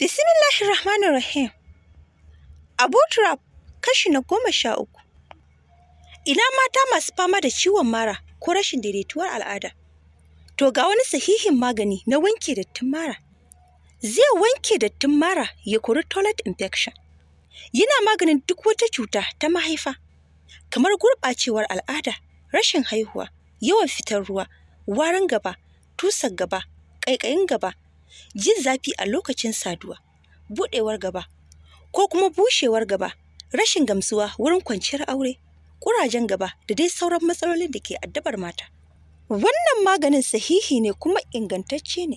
Bismillahir Rahmanir Rahim. Abu Turab kashi na goma sha uku. Ina mata masu fama da ciwon mara ko rashin daidaituwar al'ada. To ga wani sahihin magani na wanke dattin mara. Zai wanke dattin mara ya kori toilet infection. Yana maganin duk wata cuta ta mahaifa, kamar gurɓacewar al'ada, rashin haihuwa, yawan fitar ruwa, warin gaba, tusar gaba, ƙaiƙayin gaba, jin zafi a lokacin saduwa buɗewar gaba ko kuma bushewar gaba rashin gamsuwa wurin kwanciyar aure ƙurajen gaba da dai sauran matsalolin da ke addabar mata wannan maganin sahihi ne kuma ingantacce ne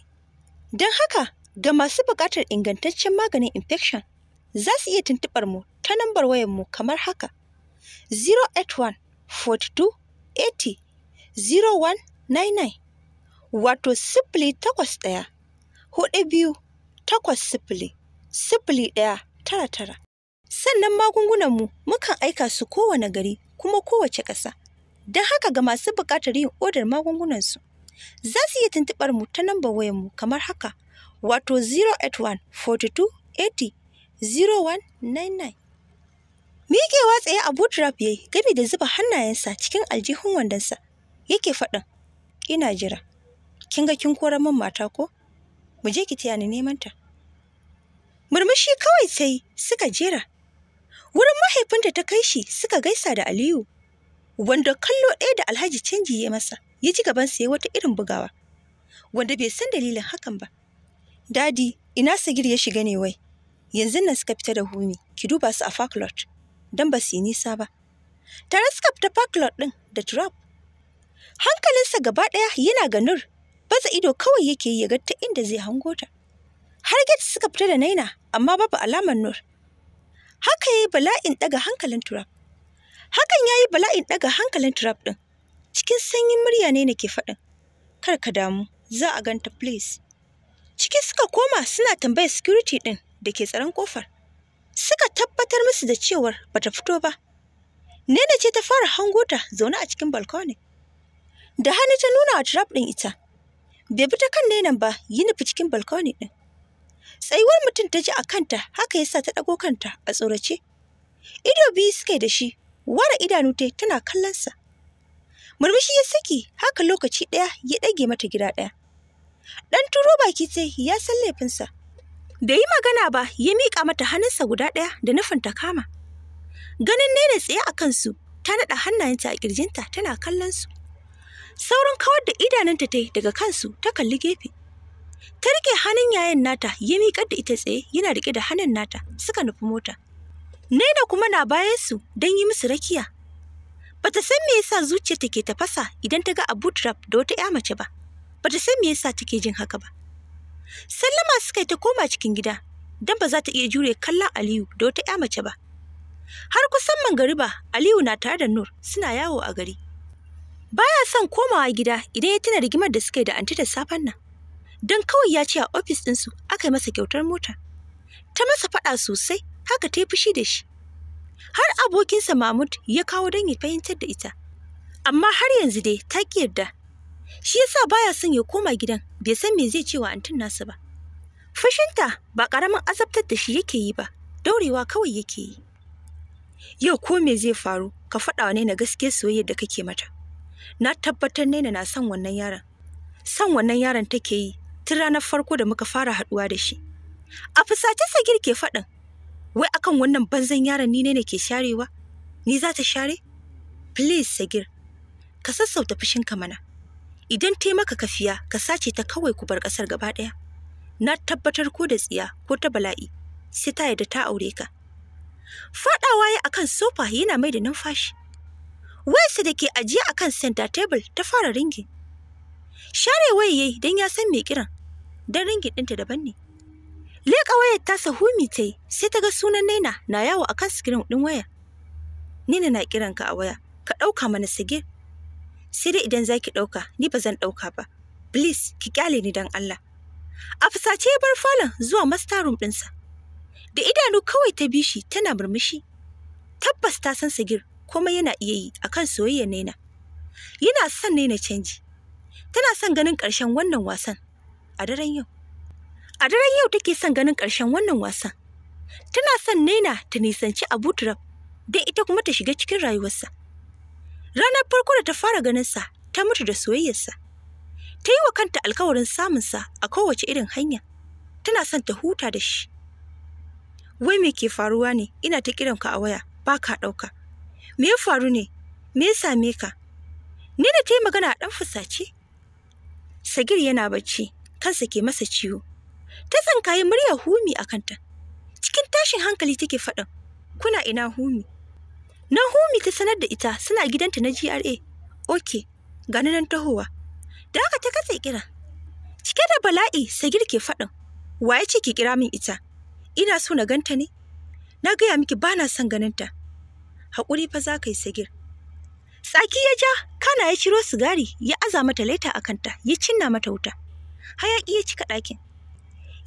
don haka ga masu buƙatar ingantaccen maganin infection za su iya tuntuɓar mu ta nambar wayar mu kamar haka 081 42 80 0199 wato sifili takwas ɗaya hudu biyu takwas sifili sifili ɗaya tara tara. Sannan magungunan mu mukan aika su kowane gari kuma kowace ƙasa. Don haka ga masu buƙatar yin odar magungunansu, za su iya tuntuɓar mu ta nambar wayanmu kamar haka, wato 081 42 80 0199. Miƙewa tsaye a Butrap yayi gami da zuba hannayensa cikin aljihun wandonsa, yake faɗin, ina jira, kin ga kin kora min mata ko? mu je ki taya ni neman ta murmushi kawai sai suka jera wurin mahaifinta ta kai shi suka gaisa da aliyu wanda kallo ɗaya da alhaji canji ya masa ya ji gaban ya wata irin bugawa wanda bai san dalilin hakan ba dadi ina sagir ya shiga ne wai yanzu nan suka fita da humi ki duba su a faklot don ba su yi nisa ba tare suka fita faklot ɗin da trap hankalinsa gaba ɗaya yana ga nur baza ido kawai yake yi ya ga ta inda zai hango ta har gate suka fita da naina amma babu alamar nur haka yayi bala'in daga hankalin turab hakan yayi bala'in daga hankalin turab din cikin sanyin murya ne nake faɗin kar ka damu za a ganta please ciki suka koma suna tambayar security din da ke tsaron kofar suka tabbatar musu da cewar bata fito ba Nena ce ta fara hango ta zaune a cikin balkoni. Da hannu ta nuna wa trap ɗin ita, bai bi ta kan nenan ba yi nufi cikin balkoni ɗin. Tsayuwar mutum ta ji a kanta haka yasa ta ɗago kanta a tsorace. Ido biyu suka yi da shi, wara idanu ta tana kallonsa. Murmushi ya saki haka lokaci ɗaya ya ɗage mata gida ɗaya. Ɗan turo baki sai ya san laifinsa. Da yi magana ba ya miƙa mata hannunsa guda ɗaya da nufin ta kama. Ganin nene tsaye a kansu ta naɗa hannayenta a ƙirjinta tana kallon su. Sauran kawar da idanunta ta yi daga kansu ta kalli gefe. Ta rike hannun yayan nata ya miƙar da ita tsaye yana rike da hannun nata suka nufi mota. Naina kuma na bayan su don yi musu rakiya. ta san me yasa zuciyarta ke tafasa idan ta ga Abu Trap da wata ƴa mace ba. Ba ta san me yasa ke jin haka ba. Sallama suka yi ta koma cikin gida don ba za ta iya jure kallon Aliyu da wata ƴa mace ba. Har kusan mangariba Aliyu na tare da Nur suna yawo a gari. Baya son komawa gida idan ya tuna rigimar da suka yi da anti da safen nan. Don kawai ya ce a ofis ɗinsu aka yi masa kyautar mota. Ta masa faɗa sosai haka ta yi fushi da shi. Har abokinsa Mahmud ya kawo don ya fahimtar da ita. Amma har yanzu dai ta ƙi yarda. Shi yasa baya son ya koma gidan bai san me zai ce wa antin nasa ba. Fushinta ba ƙaramin azabtar da shi yake yi ba, daurewa kawai yake yi. Yau ko me zai faru ka faɗa wa na gaskiyar soyayyar da kake mata. na tabbatar Naina na son wannan yaron. Son wannan yaron take yi tun ranar farko da muka fara haduwa da shi. A fusace sa girke faɗin, wai akan wannan banzan yaron ni ne ke sharewa? Ni za ta share? Please Sagir, ka sassauta fushinka mana. Idan ta maka kafiya, ka sace ta kawai ku bar ƙasar gaba ɗaya. Na tabbatar ko da tsiya ko ta bala'i, sai ta yarda ta aure ka. Faɗawa ya akan sofa yana mai da numfashi. wayarsa da ke ajiye a kan center table ta fara ringi. Share waya yayi don ya san mai kiran, don ringi ɗinta daban ne. Leƙa wayar tasa humi ta yi sai ta ga sunan Naina na yawo a kan sikirin ɗin waya. Nina na kiran ka a waya, ka ɗauka mana sigir. Sai dai idan za ki ɗauka, ni ba zan ɗauka ba. Please, ki kyale ni don Allah. A fusace ya bar falon zuwa master room ɗinsa. Da idanu kawai ta bishi tana murmushi. Tabbas ta san sigir komai yana iya yi akan soyayya nena. Yana son nena canji. Tana son ganin ƙarshen wannan wasan a daren yau. A daren yau take son ganin ƙarshen wannan wasan. Tana son nena ta nisanci Abu Turab don ita kuma ta shiga cikin rayuwarsa. Ranar farko da ta fara ganinsa ta mutu da soyayyarsa. Ta yi wa kanta alkawarin samunsa a kowace irin hanya. Tana son ta huta da shi. Wai me ke faruwa ne ina ta kiranka a waya ba ka ɗauka. me ya faru ne me ya same ka ni da ta yi magana a ɗan fusace sagir yana bacci kansa ke masa ciwo ta kayi murya humi a kanta cikin tashin hankali take faɗin kuna ina humi na humi ta sanar da ita suna gidanta na gra ok gani nan tahowa da haka ta katse kira cike da bala'i sagir ke faɗin waye ce ki kira min ita ina so na ganta ne na gaya miki bana son ganinta haƙuri fa za ka yi sigir. Tsaki ya ja, kana ya ciro sigari ya aza mata leta a kanta ya cinna mata wuta. Hayaƙi ya cika ɗakin.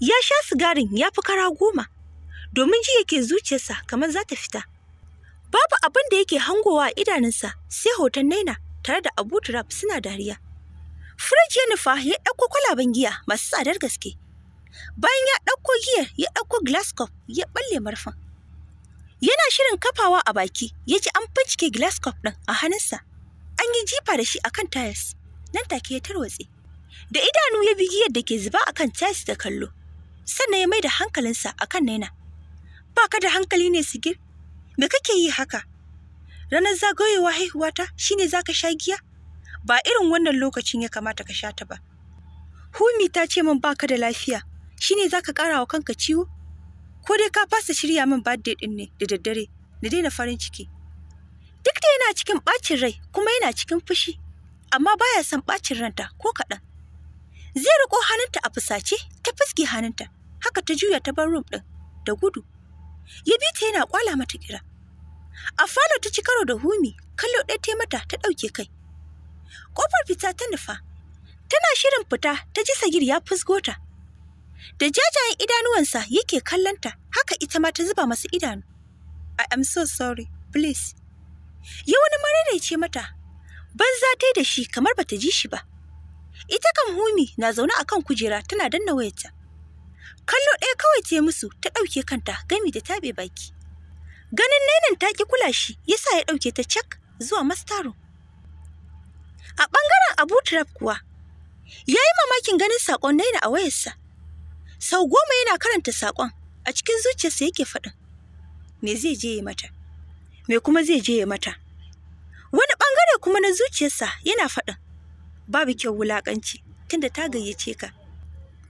Ya sha sigarin ya fi kara goma, domin ji yake zuciyarsa kamar za ta fita. Babu abin da yake hangowa a idanunsa sai hoton naina tare da Abu Turab suna dariya. Firij ya nufa ya ɗauko kwalaben giya masu tsadar gaske. Bayan ya ɗauko giyar ya ɗauko glass cup ya ɓalle marfan. Yana shirin kafawa a baki, ya ji an bincike glass cup ɗin a hannunsa. An yi jifa da shi a kan tiles, nan take ya tarwatse. Da idanu ya bigi yadda ke zuba a kan tiles da kallo, sannan ya mai da hankalinsa a kan naina. Ba ka da hankali ne sigir, me kake yi haka? Ranar zagayowa haihuwata shine za ka sha giya? Ba irin wannan lokacin ya kamata ka sha ta ba. Humi ta ce min ba ka da lafiya, shine za ka kara wa kanka ciwo? ko dai ka fasa shirya min birthday din ne da daddare na daina farin ciki duk da yana cikin ɓacin rai kuma yana cikin fushi amma baya son ɓacin ranta ko kaɗan zai riko hannunta a fusace ta fuske hannunta haka ta juya ta bar room ɗin da gudu ya bi ta yana kwala mata kira a falo ta ci karo da humi kallo ɗaya ta mata ta ɗauke kai ƙofar fita ta nufa tana shirin fita ta ji sagir ya fusgo ta Da jajayen idanuwansa yake kallonta, haka ita ma ta zuba masu idanu. I am so sorry, please. Ya wani ce mata, banza ta da shi kamar bata ji shi ba. Ita kan humi na zaune a kan kujera tana danna wayarta. Kallo ɗaya kawai ta musu ta ɗauke kanta gami da taɓe baki. Ganin nainan ta ƙi kula shi yasa ya ɗauke ta cak zuwa mastaro. A ɓangaren Abu Turab kuwa, ya yi mamakin ganin saƙon naina a wayarsa. Sau goma yana karanta saƙon a cikin zuciyarsa yake faɗin. Me zai je ya mata? Me kuma zai je ya mata? Wani ɓangare kuma na zuciyarsa yana faɗin. Babu kyau wulaƙanci tunda ta gayyace ka.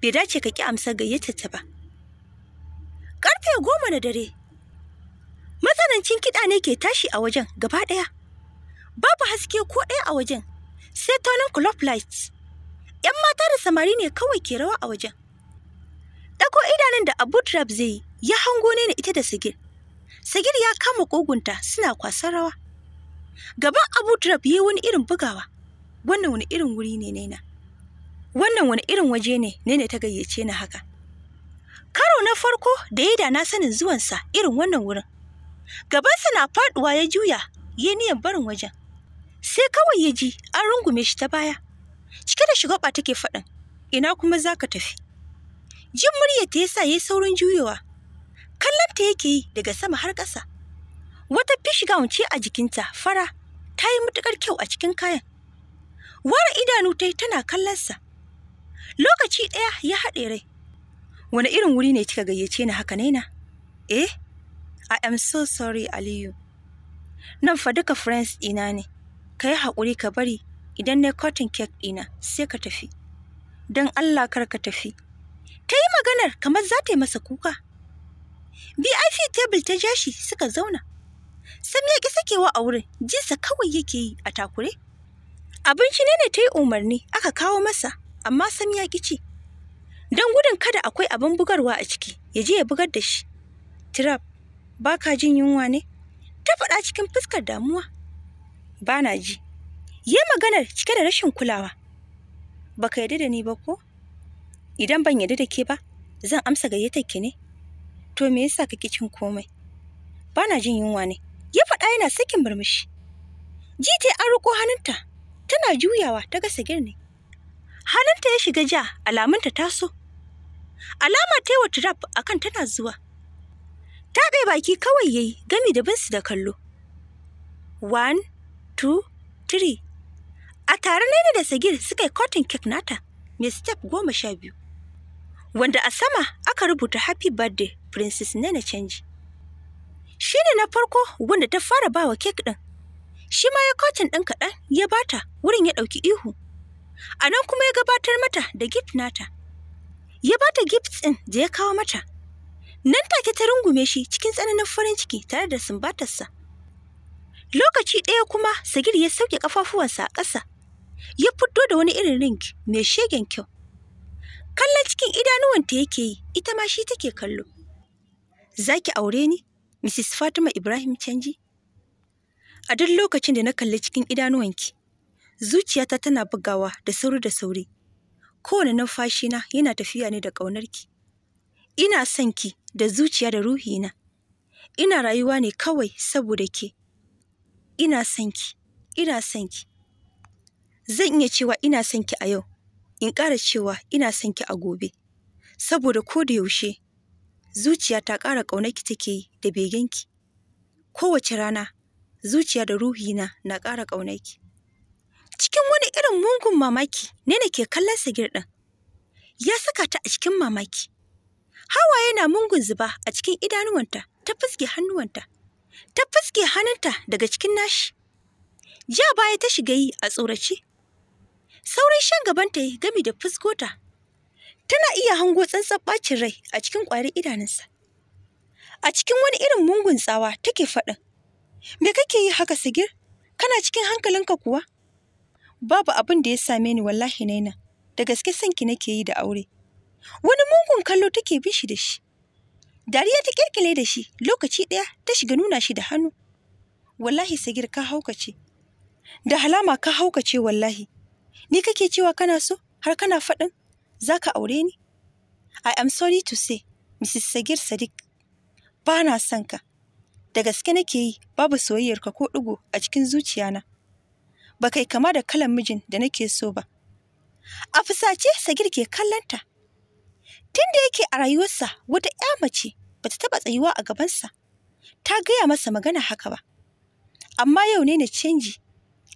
Bai dace ka ki amsa gayyata ta ba. Ƙarfe goma na dare. Matsanancin kiɗa ne ke tashi a wajen gaba ɗaya. Babu haske ko ɗaya a wajen sai tonin club lights. ‘Yan mata da samari ne kawai ke rawa a wajen. ɗako idanun da Abu zai yi ya hango ne ita da Sigir. Sigir ya kama kogunta suna kwasan rawa. Gaban Abu ya yi wani irin bugawa. Wannan wani irin wuri ne nena. Wannan wani irin waje ne nene ta gayyace ni haka. Karo na farko da ya da na sanin zuwansa irin wannan wurin. Gabansa na faɗuwa ya juya ya niyan barin wajen. Sai kawai ya ji an rungume shi ta baya. Cike da shugaba take faɗin, ina kuma za ka tafi. Jin murya ta yasa ya yi saurin juyowa. Kallonta yake yi daga sama har ƙasa. Wata fish gown ce a jikinta fara ta yi matuƙar kyau a cikin kayan. Wara idanu ta yi tana kallonsa. Lokaci ɗaya ya haɗe rai. Wani irin wuri ne kika gayyace ni haka naina? Eh, I am so sorry Aliyu. Nan fa duka friends ɗina ne. Ka yi haƙuri ka bari idan na cotton cake ɗina sai ka tafi. Don Allah kar ka tafi. ta yi maganar kamar za ta yi masa kuka. BIP tebul ta ja shi suka zauna. Sam ya ƙi sakewa a wurin, jinsa kawai yake yi a takure. Abinci ne ne ta yi umarni aka kawo masa, amma Sam ya ƙi ci. Don gudun kada akwai abin bugarwa a ciki, ya je ya bugar da shi. Tirab, ba ka jin yunwa ne? Ta faɗa cikin fuskar damuwa. Ba na ji. Yi maganar cike da rashin kulawa. Baka yarda da ni ba ko? idan ban yarda da ke ba zan amsa gayyatar ki ne to me yasa kake cin komai Ba na jin yunwa ne ya faɗa yana sakin murmushi jita an riko hannunta tana juyawa ta gasa girni hannunta ya shiga ja alamunta so. alama ta yi wa trap akan tana zuwa ta ɗaya baki kawai ya yi, gami da binsu da kallo one two three a tare na ne da sagir suka yi cotton cake nata mai step goma sha biyu wanda a sama aka rubuta Happy Birthday Princess Nene Canji. Shi ne na farko wanda ta fara ba wa kek ɗin. Shi ma ya kocin ɗin kaɗan ya bata wurin ya ɗauki ihu. A nan kuma ya gabatar mata da gift nata. Ya bata gift ɗin da ya kawo mata. Nan take ta rungume shi cikin tsananin farin ciki tare da sumbatarsa. Lokaci ɗaya kuma Sagir ya sauke ƙafafuwansa a ƙasa. Ya fito da wani irin ring mai shegen kyau. kallon cikin ta yake yi ita ma shi take kallo za ki aure ni mrs fatima ibrahim canji a duk lokacin da na kalli cikin idanuwanki zuciyata tana bugawa da sauri da sauri kowane numfashina yana tafiya ne da ƙaunarki ina son ki da zuciya da ruhina ina rayuwa ne kawai saboda ke ina son ki ina son ki zan iya cewa ina son ki a yau in ƙara cewa ina son ki a gobe saboda ko da yaushe zuciya ta ƙara ƙaunarki take yi da ki, kowace rana zuciya da ruhina na ƙara ƙaunarki cikin wani irin mungun mamaki ne ke kallon sigir ɗin ya saka ta a cikin mamaki hawaye na mungun zuba a cikin idanuwanta ta fuske hannuwanta ta fuske hannunta daga cikin nashi ja baya ta shiga yi a tsorace Saurin shan gaban ta yi gami da fuskota. Tana iya hango tsantsan ɓacin rai a cikin ƙwari idanunsa. A cikin wani irin mungun tsawa take faɗin. Me kake yi haka sigir? Kana cikin hankalinka kuwa? Babu abin da ya same ni wallahi naina. Da gaske ki nake yi da aure. Wani mungun kallo take bin shi da shi. Dariya ta kirkile da shi lokaci ɗaya ta shiga nuna shi da hannu. Wallahi Sigir, ka haukace. Da halama ka haukace wallahi. Ni kake cewa kana so har kana faɗin za ka aure ni? I am sorry to say, Mrs. Sagir Sadiq, ba na son ka. Da gaske nake yi babu soyayyarka ko ɗigo a cikin zuciyana. Ba kai kama da kalan mijin da nake so ba. A fusace Sagir ke kallanta. Tun da yake a rayuwarsa wata ‘ya mace ba ta taɓa tsayuwa a gabansa. Ta gaya masa magana haka ba. Amma yau ne na canji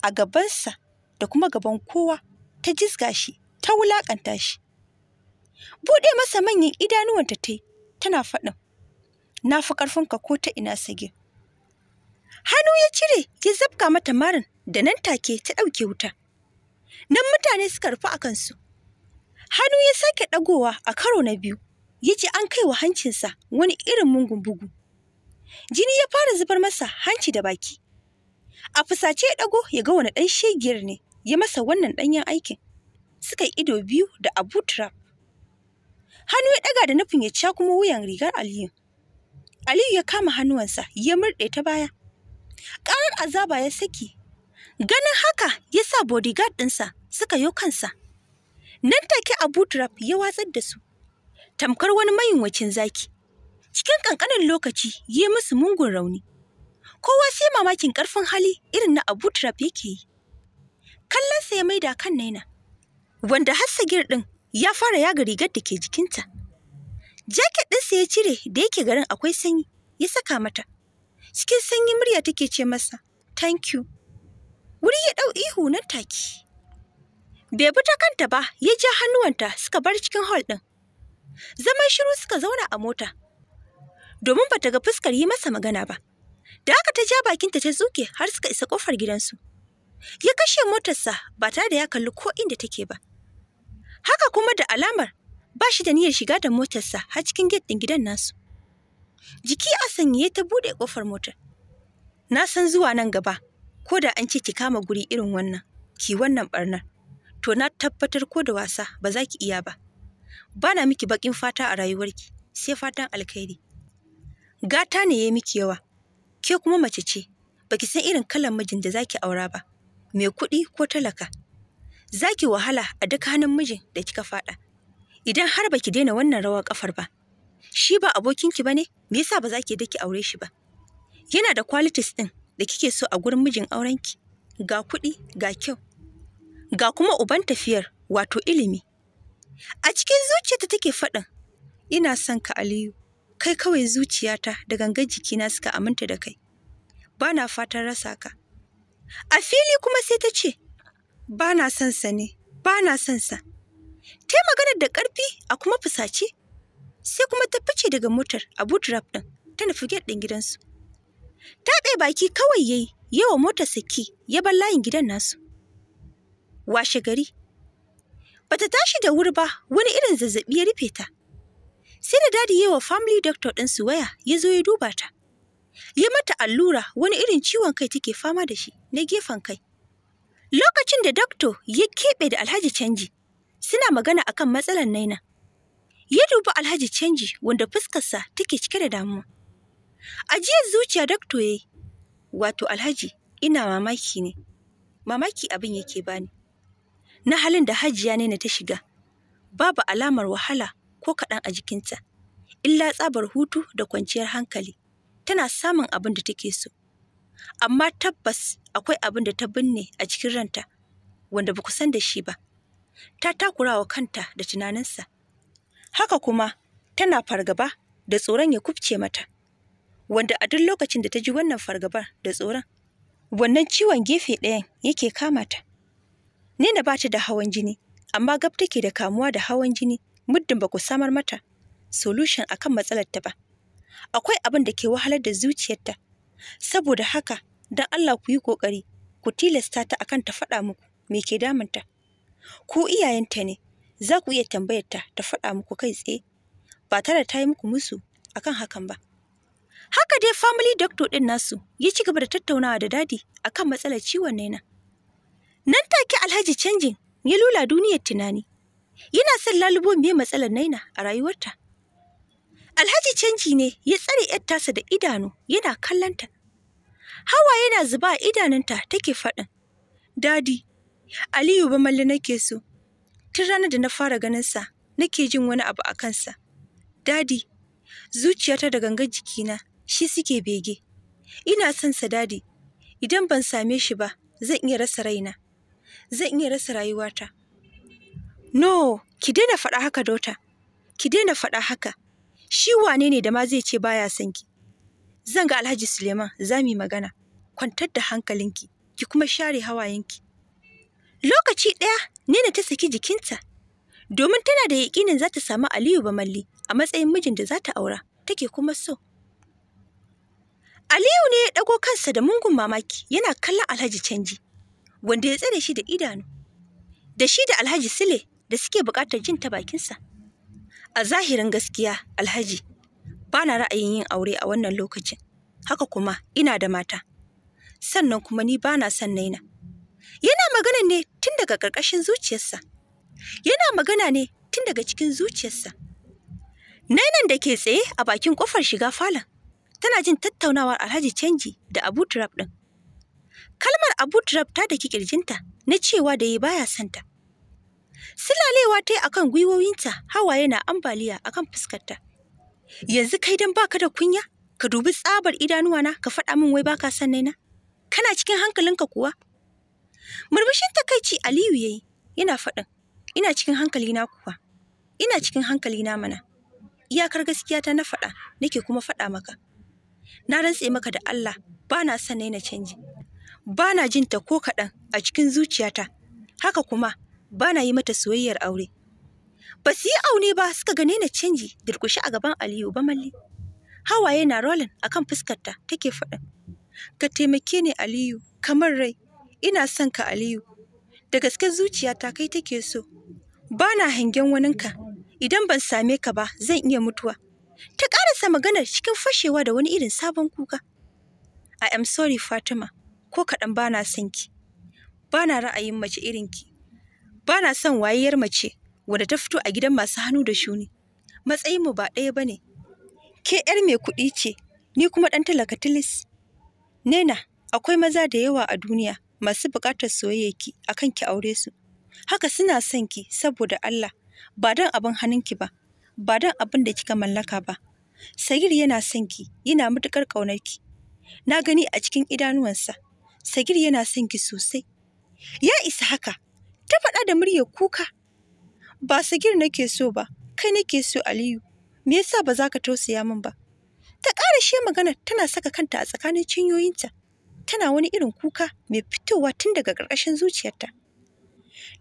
a gabansa da kuma gaban kowa ta jisga shi ta wulaƙanta shi buɗe masa manyan idanuwanta ta yi tana faɗin na fi ƙarfinka ko ta ina sage hannu ya cire ya zabka mata marin da nan take ta ɗauke wuta nan mutane suka rufe a kansu hannu ya sake ɗagowa a karo na biyu ya ji an kai wa hancinsa wani irin mungun bugu jini ya fara zubar masa hanci da baki A fusace ya ɗago ya ga wani ɗan shegiyar ne ya masa wannan ɗanyen aikin. Suka yi ido biyu da Abu Turab. Hannu ya ɗaga da nufin ya ca kuma wuyan rigar Aliyu. Aliyu ya kama hannuwansa ya murɗe ta baya. Ƙarar azaba ya saki. Ganin haka ya sa bodyguard ɗinsa suka yo kansa. Nan take Abu Turab ya watsar da su. Tamkar wani mayunwacin zaki. Cikin ƙanƙanin lokaci ya musu mungun rauni. kowa sai mamakin ƙarfin hali irin na abu turafi ke yi kallon sa ya maida kan naina wanda har girɗin ɗin ya fara yaga rigar da ke jikinta jaket ɗinsa ya cire da yake garin akwai sanyi ya saka mata cikin sanyi murya take ce masa thank you wuri ya ɗau ihu nan take bai bi ta kanta ba ya ja hannuwanta suka bar cikin hall ɗin zaman shiru suka zauna a mota domin bata ga fuskar yi masa magana ba Da haka ta ja bakinta ta zuke har suka isa kofar gidansu. Ya kashe motarsa ba tare da ya kalli ko inda take ba. Haka kuma da alamar ba shi da niyyar shiga da motarsa har cikin gate din gidan nasu. Jiki a sanye ta buɗe kofar motar. Na san zuwa nan gaba, ko da an ce ki kama guri irin wannan, ki wannan barnar. To na tabbatar ko da wasa ba za ki iya ba. Bana miki bakin fata a rayuwarki, sai fatan alkhairi. Gata ne ya miki yawa, Ke kuma mace ce, baki san irin kalan mijin da zaki aura ba, mai kuɗi ko talaka. Zaki wahala a duk hannun mijin da kika faɗa. Idan har baki daina wannan rawar kafar ba, shi ba abokinki ba ne, me yasa ba za ki daki aure shi ba? Yana da qualities ɗin da kike so a gurin mijin aurenki, ga kuɗi, ga kyau, ga kuma uban tafiyar wato ilimi. A cikin zuciyarta take faɗin, ina son ka Aliyu. kai kawai zuciyata da gangan jikina suka aminta da kai ba na fatan rasa ka a fili kuma sai ta ce ba na son sa ne ba na son sa ta maganar da ƙarfi a kuma fusace sai kuma ta fice daga motar a boot ɗin ta nufi gate ɗin gidansu ta ɗaya baki kawai ya yayi yawa motar saki ya bar layin gidan nasu washe gari Ba ta tashi da wuri ba wani irin zazzaɓi ya rufe ta sai da dadi yawa family doctor ɗin su waya ya zo ya duba ta. Ya mata allura wani irin ciwon kai take fama da shi na gefen kai. Lokacin da doctor ya keɓe da Alhaji Canji, suna magana akan matsalar naina. Ya duba Alhaji Canji wanda fuskarsa take cike da damuwa. jiya zuciya doctor ya yi, wato Alhaji ina mamaki ne, mamaki abin yake bani. Na halin da hajiya ne na ta shiga, babu alamar wahala ko kaɗan a jikinta, illa tsabar hutu da kwanciyar hankali. Tana samun abin da take so. Amma tabbas akwai abin da ta binne a cikin ranta, wanda ba ku san da shi ba. Ta takura wa kanta da tunaninsa. Haka kuma tana fargaba da tsoron ya kubce mata. Wanda a duk lokacin da ta ji wannan fargabar da tsoron, wannan ciwon gefe ɗayan yake kama ta. Nina ba ta da hawan jini, amma gab take da kamuwa da hawan jini muddin ba ku samar mata solution akan matsalar ta ba akwai abin da ke wahalar da zuciyarta saboda haka dan Allah ku yi kokari ku tilasta ta akan ta faɗa muku me ke ta. ku iyayenta ne za ku iya tambayar ta ta faɗa muku kai tsaye ba tare ta yi muku musu akan hakan ba haka dai family doctor din nasu ya ci gaba da tattaunawa da dadi akan matsalar ciwon naina nan take alhaji canjin ya lula duniyar tunani yana son lalubo me matsalar naina a rayuwarta alhaji canji ne ya tsare yar tasa da idanu yana kallanta hawa yana zuba a idanunta take faɗin dadi aliyu ba malli nake so tun ranar da na fara ganinsa nake jin wani abu a kansa dadi zuciyata da gangan jikina shi suke bege ina son sa dadi idan ban same shi ba zan iya rasa raina zan iya rasa rayuwata No, ki daina faɗa haka Dota. Ki daina faɗa haka. Shi wane ne da ma zai ce baya son ki? Zan ga Alhaji Suleiman za mu yi magana. Kwantar da hankalinki, ki kuma share hawayenki. Lokaci ɗaya Nena ta saki jikinta domin tana da yaƙinin za ta samu Aliyu Bamalli a matsayin mijin da za ta aura, take kuma so. Aliyu ne ya ɗago kansa da mungun mamaki yana kallon Alhaji Canji, wanda ya tsare shi da idanu. Da shi da Alhaji Sule. da suke buƙatar jin ta bakinsa. A zahirin gaskiya, Alhaji, ba na ra'ayin yin aure a wannan lokacin. Haka kuma ina da mata. Sannan kuma ni ba na son naina. Yana magana ne tun daga ƙarƙashin zuciyarsa. Yana magana ne tun daga cikin zuciyarsa. Nainan da ke tsaye a bakin ƙofar shiga falon, tana jin tattaunawar Alhaji Canji da Abu Turab ɗin. Kalmar Abu Turab ta daki ƙirjinta na cewa da ya baya santa. ta. Silalewa ta yi a kan gwiwowinta, hawaye na ambaliya a kan fuskarta. Yanzu kai don baka da kunya, ka dubi tsabar idanuwa na, ka faɗa min wai baka son naina. Kana cikin hankalinka kuwa? Murmushin takaici Aliyu ya yi, yana faɗin, ina cikin hankalina kuwa. Ina cikin hankalina mana. Iyakar gaskiya ta na faɗa, nake kuma faɗa maka. Na rantse maka da Allah, ba na son na canji. Ba na jinta ko kaɗan a cikin zuciyata. Haka kuma, ba na yi mata soyayyar aure. Ba su yi aune ba suka gane na canji durkushi a gaban Aliyu ba malli. Hawaye na rolin a kan fuskarta take faɗin. Ka taimake ni Aliyu, kamar rai, ina son ka Aliyu. Da gaske zuciyata kai take so. Ba na hangen waninka, idan ban same ka ba zan iya mutuwa. Ta ƙarasa maganar cikin fashewa da wani irin sabon kuka. I am sorry Fatima, ko kaɗan ba na son ki. Ba na ra'ayin mace irinki. ba na son wayayyar mace wadda ta fito a gidan masu hannu da shuni matsayin mu ba ɗaya ba ne ke yar mai kuɗi ce ni kuma ɗan talaka tilis nena akwai maza da yawa a duniya masu buƙatar soyayyaki akan ki aure su haka suna son ki saboda Allah ba don abin hannunki ba ba don abin da kika mallaka ba Sagir yana son ki yana matuƙar ƙaunar ki na gani a cikin idanuwansa Sagir yana son ki sosai ya isa haka ta faɗa da muryar kuka ba sagir nake so ba kai nake so aliyu me yasa ba za ka tausaya min ba ta ƙara shi magana tana saka kanta a tsakanin cinyoyinta tana wani irin kuka mai fitowa tun daga ƙarƙashin zuciyarta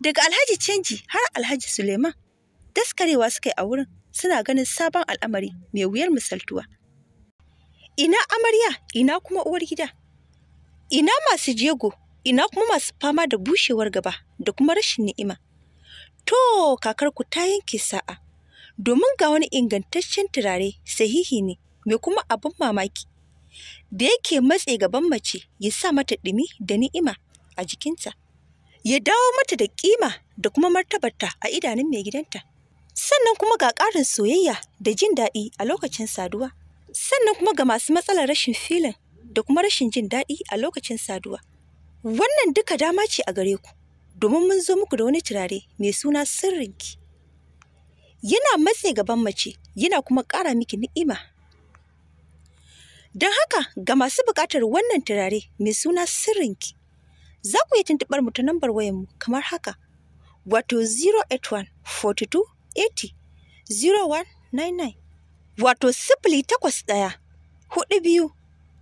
daga alhaji canji har alhaji suleiman daskarewa suka yi a wurin suna ganin sabon al'amari mai wuyar misaltuwa ina amarya ina kuma uwar gida ina masu jego ina kuma masu fama da bushewar gaba da kuma rashin ni'ima. To, kakarku ta yanke sa'a, domin ga wani ingantaccen turare sahihi ne mai kuma abin mamaki, da yake matse gaban mace ya sa mata ɗumi da ni'ima a jikinta, ya dawo mata da ƙima da kuma martabarta a idanun mai gidanta. Sannan kuma ga ƙarin soyayya da jin daɗi a lokacin saduwa, sannan kuma ga masu matsalar rashin filin da kuma rashin jin daɗi a lokacin saduwa. Wannan duka dama ce a gare ku, domin mun zo muku da wani turare mai suna sirrinki. Yana matse gaban mace, yana kuma ƙara miki ni'ima. Don haka ga masu buƙatar wannan turare mai suna sirrinki, za ku yi tuntuɓar mu ta nambar wayanmu kamar haka, wato 081 42 80 0199 wato sifili takwas ɗaya, hudu biyu,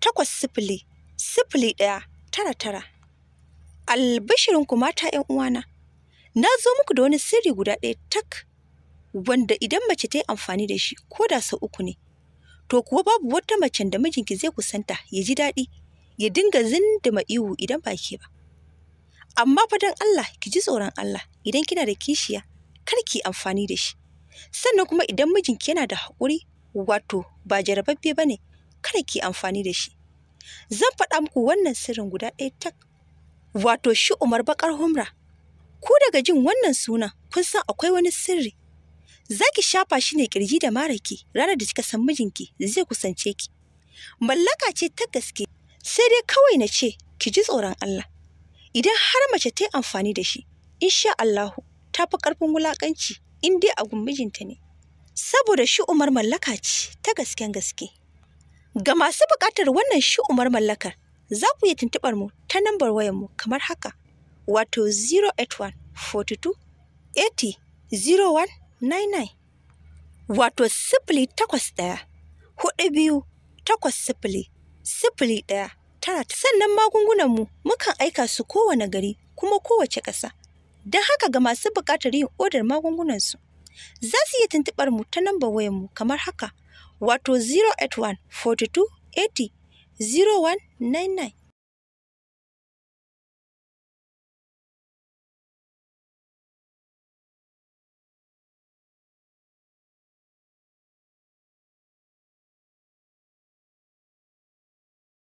takwas sifili, sifili ɗaya, tara tara. albashirin ku mata ‘yan uwana, na zo muku da wani sirri guda ɗaya tak, wanda idan mace ta yi amfani da shi ko da sau uku ne, to kuwa babu wata macen da mijinki zai kusanta ya ji daɗi, ya dinga zinduma ihu idan ba ke ba. Amma fadan Allah ki ji tsoron Allah idan kina da kishiya, kar ki amfani da shi. Sannan kuma idan mijinki yana da haƙuri, wato ba jarababbe ba ne, kar ki amfani da shi. Zan faɗa muku wannan sirrin guda ɗaya tak wato shi Umar Bakar Humra. Ku daga jin wannan sunan kun san akwai wani sirri. Za ki shafa shi ne kirji da maraki ranar da kika san mijinki zai kusance ki. Mallaka ce ta gaske sai dai kawai na ce ki ji tsoron Allah. Idan har mace ta yi amfani da shi, insha Allahu ta fi ƙarfin wulaƙanci in dai a mijinta ne. Saboda shi Umar mallaka ce ta gasken gaske. Ga masu buƙatar wannan shi Umar mallakar, za ku iya tuntuɓar mu ta nambar wayanmu kamar haka wato 081 42 80 0199 wato sifili takwas ɗaya hudu biyu takwas sifili sifili ɗaya tara sannan magungunanmu mukan aika su kowane gari kuma kowace ƙasa don haka ga masu buƙatar yin odar magungunansu za su iya tuntuɓar mu ta nambar wayanmu kamar haka wato 081 42 80 0199